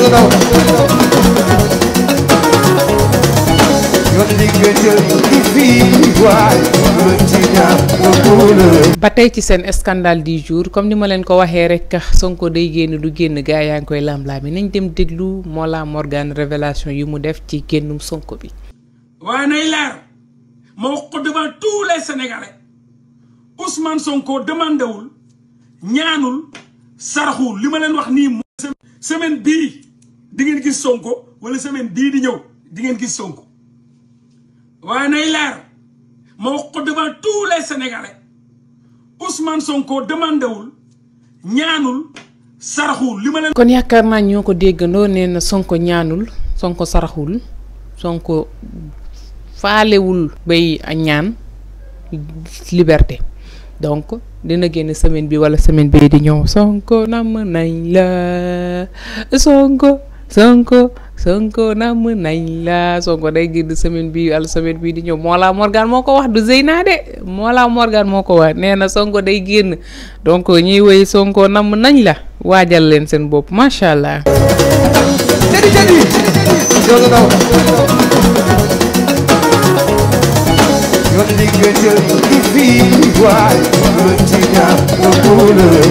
you know. ba tey ci seen scandale di jour comme ni ma leen ko waxee rek Sonko day génn du génn gaa yaa ngi koy lamlaami nañ dem déglu Mollah Morgan révélation yi mu def ci génnum Sonko bi. waaye nay leer ma wax ko devant tous les Sénégalais Sonko demandewul ñaanul saraxul li wax nii semaine bii. di gis Sonko wala semaine bii di ñëw di ngeen gis Sonko waaye nay leer ma wax ko devant tous les sénégalais Ousmane Sonko demandewul ñaanul saraxul li ma leen. kon yaakaar naa ñoo ko déggandoo nee na Sonko ñaanul Sonko saraxul Sonko faalewul bay ñaan liberté donc dina génn semaine bi wala semaine bee di ñëw Sonko namm nañ la Sonko. Sonko Sonko namm nañ la Sonko day génn semaine bi al semaine bii di ñëw Mollah Morgan moo ko wax du Zeyna de Mollah Morgan moo ko wax nee na Sonko day génn donc ñuy woy Sonko namm nañ la waajal leen seen bopp macha allah.